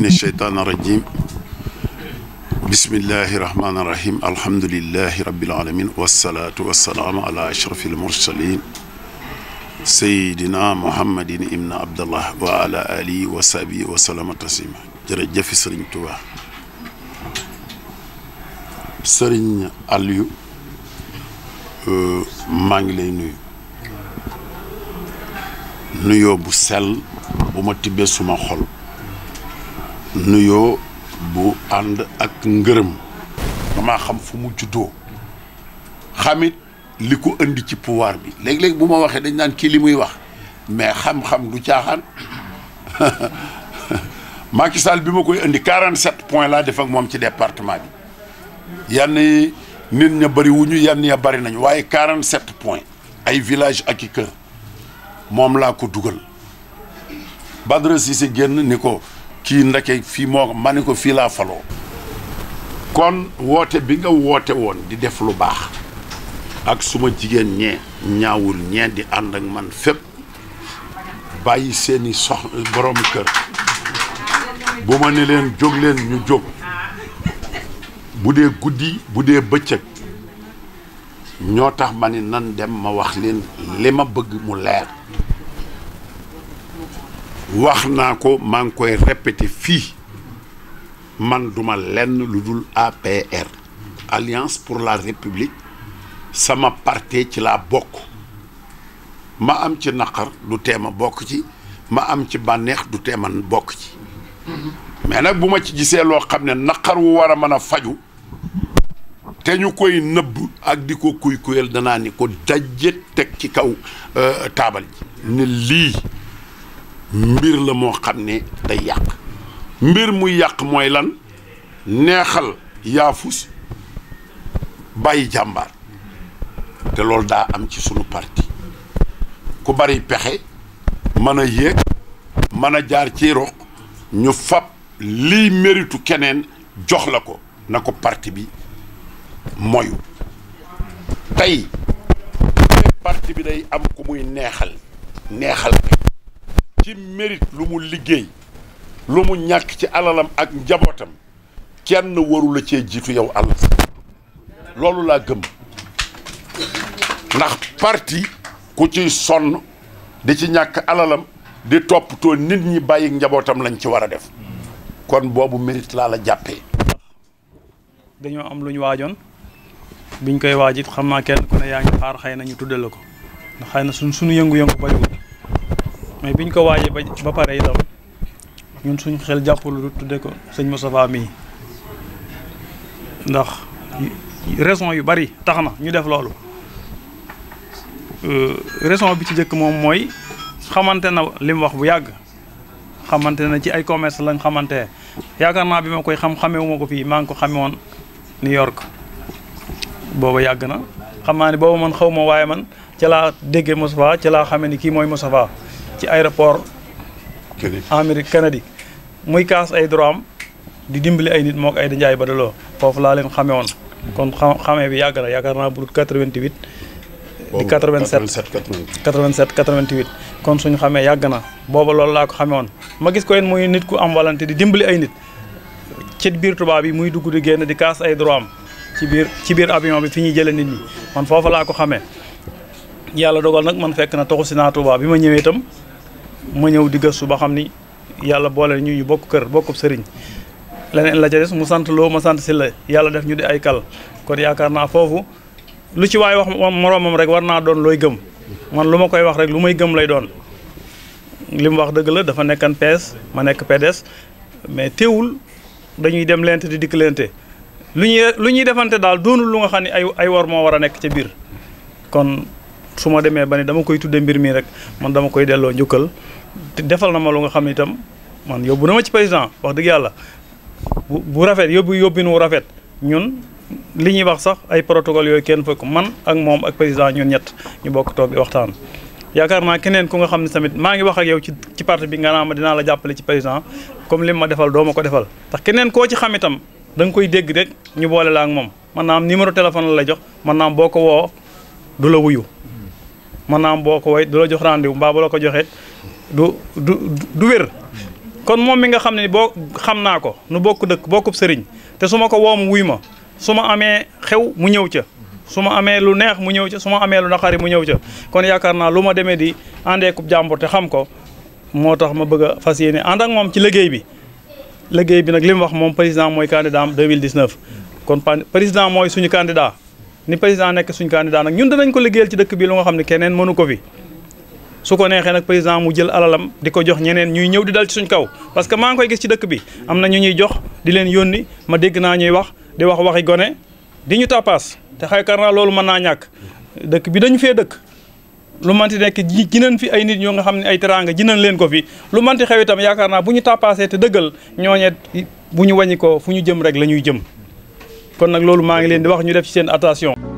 من الشيطان الرجيم بسم الله الرحمن الرحيم الحمد لله رب العالمين والصلاة والسلام على أشرف المرسلين سيدنا محمد ابن عبد الله وعلى آله وصحبه وسلم تسليما جرج في Touba توا Aliou maa مانغلي lay نيو nuyoo bu sell bu ma nuyoo bu ànd ak ngërëm damaa xam fu mu juddoo xamit li ko indi ci pouvoir bi léeg-léeg bu ma waxee dañ naan kii li muy wax mais xam-xam du caaxaan Macky Sall bi ma koy indi 47 point laa def ak moom ci département bi yan yi nit ña bëri wuñu ya bëri nañu waaye 47 points ay village ak i kër moom laa ko dugal Badara Cissé génn ni ko kii ndake fii moo ma ne ko fii laa faloo kon woote bi nga woote woon di def lu baax ak suma jigéen ñee ñaawul ñee di ànd ak man fépp bàyyi seeni sox borom kër bu ma ne leen jóg leen ñu jóg bu dee guddi bu dee bëccëg ñoo tax ma ne nan dem ma wax leen li ma bëgg mu leer wax naa ko maa ngi koy répété fii man duma lenn lu dul APR alliance pour la république sama parti ci laa bokk ma am ci naqar du teema bokk ci ma am ci bànneex du teema bokk ci mais nag bu ma ci gisee loo xam ne naqar wu war a mën a faju te ñu koy nëbb ak di ko kuy kuyal danaa ni ko daje teg ci kaw euh, taabal ji ne lii mbir la moo xam ne day yàq mbir muy yàq mooy lan neexal yaafus bàyyi jàmbar te loolu daa am ci sunu parti ku bari pexe mën a yéeg mën a jaar ci rox ñu fab lii meritu keneen jox la ko na ko parti bi moyu tey parti bi day am ku muy neexal neexal rek ki mérite lu mu liggéey lu mu ñàkk ci alalam ak njabootam kenn warula la cee jiitu yow àll loolu laa gëm ndax parti ku ci sonn di ci ñàkk alalam di toppatoo nit ñi bàyyi njabootam lañ ci war a def kon boobu mérite laa la jàppee. dañoo am lu ñu waajoon biñ koy waaj it xam naa kenn ku ne yaa ngi xaar xëy na ñu tuddee la ko ndax xëy na suñ suñu yëngu-yëngu bariwul bi ñu ko waajee ba ba pare itam ñun suñ xel jàppul lu tudde ko sëñ Moustapha mii ndax raison yu bari tax na ñu def loolu euh, raison bi ci njëkk moom mooy xamante na li mu wax bu yàgg xamante na ci ay commerce lañ xamante yaakaar naa bi ma koy xam xamewu ma ko fii maa ngi ko xame woon New York booba yàgg na xam naa ne booba man xaw ma waaye man ca laa déggee Moustapha ca laa xamee ni kii mooy Moustapha ci aéroport Amérique Kennedy muy kaas ay droit am di dimbali ay nit moo ko ay da njaay ba daloo foofu laa leen xamee woon kon xamee bi yàgg na yaakaar naa bu 88 di 87 87 88 kon suñu xamee yàgg na booba loolu laa ko xamee woon ma gis ko yéen muy nit ku am walante di dimbali ay nit ci biir tubaab yi muy dugg di génn di kaas ay droit am ci biir ci biir avion bi fi ñuy jëlee nit ñi man foofa laa ko xamee yàlla dogal nag man fekk na toxu si naa Tuubaa bi ma ñëwee itam ma ñew di gëssu ba xamni ni boole ñu ñu bokk kër bokk sëriñ leneen la ca dess mu sant lo ma sant ci la yalla def ñu di ay kal kon yaakaarna fofu lu ci way wax moroomam rek warna doon loy gëm man luma koy wax rek lumay gëm lay doon lim wax deug la dafa nekkan PS ma nekk PDS mais téwul dañuy dem lente di dik lente lu luñuy defante dal doonul lu nga xani ay ay war mo wara nekk ca kon suma démé bani dama koy tuddé mbir mi rek man dama koy délo ñukkal defal na ma lu nga xam itam man yóbbu na ma ci président wax dëgg yàlla bu bu rafet yóbbu yóbbu nu rafet ñun li ñuy wax sax ay protocole yooyu kenn fekk man ak moom ak président ñun ñett ñu bokk toog di waxtaan. yaakaar naa keneen ku nga xam ne tamit maa ngi wax ak yow ci ci parti bi nga naa ma dinaa la jàppale ci président comme li ma defal doo ma ko defal ndax keneen koo ci xam itam da koy dégg rek ñu boole la ak moom man naa am numéro téléphone la la jox man naa boo ko woo du la wuyu. man naa am boo ko woy du jox rendez-vous mbaa la ko joxee. du du du wér kon moom mi nga xam ne boo xam naa ko nu bokk dëkk bokkub sëriñ te su ma ko woom wuy ma su ma amee xew mu ñëw ca su ma amee lu neex mu ñëw ca su ma amee lu naqari mu ñëw ca kon yaakaar naa lu ma demee di àndeekub jàmbur te xam ko moo tax ma bëgg a fas yéene ànd ak moom ci liggéey bi liggéey bi nag li mu wax moom président mooy candidat am 2019 kon mooy suñu candidat ni président nekk suñu candidat nag ñun danañ ko liggéeyal ci dëkk bi lu nga xam ne keneen mënu ko fi su ko neexee nag président mu jël alalam di ko jox ñeneen ñuy ñëw di dal ci suñ kaw parce que maa ngi koy gis ci dëkk bi am na ñu ñuy jox di leen yónni ma dégg naa ñuy wax di wax waxi gone di ñu tàppaas te kar naa loolu mën naa ñàkk dëkk bi dañu fee dëkk lu manti nekk ji jinan fi ay nit ñoo nga xam ne ay teraanga jinan leen ko fi lu manti xew itam yaakaar naa bu ñu tàppaasee te dëggal ñooñet bu ñu wàññi ko fu ñu jëm rek la ñuy jëm kon nag loolu maa ngi leen di ñu def ci seen attention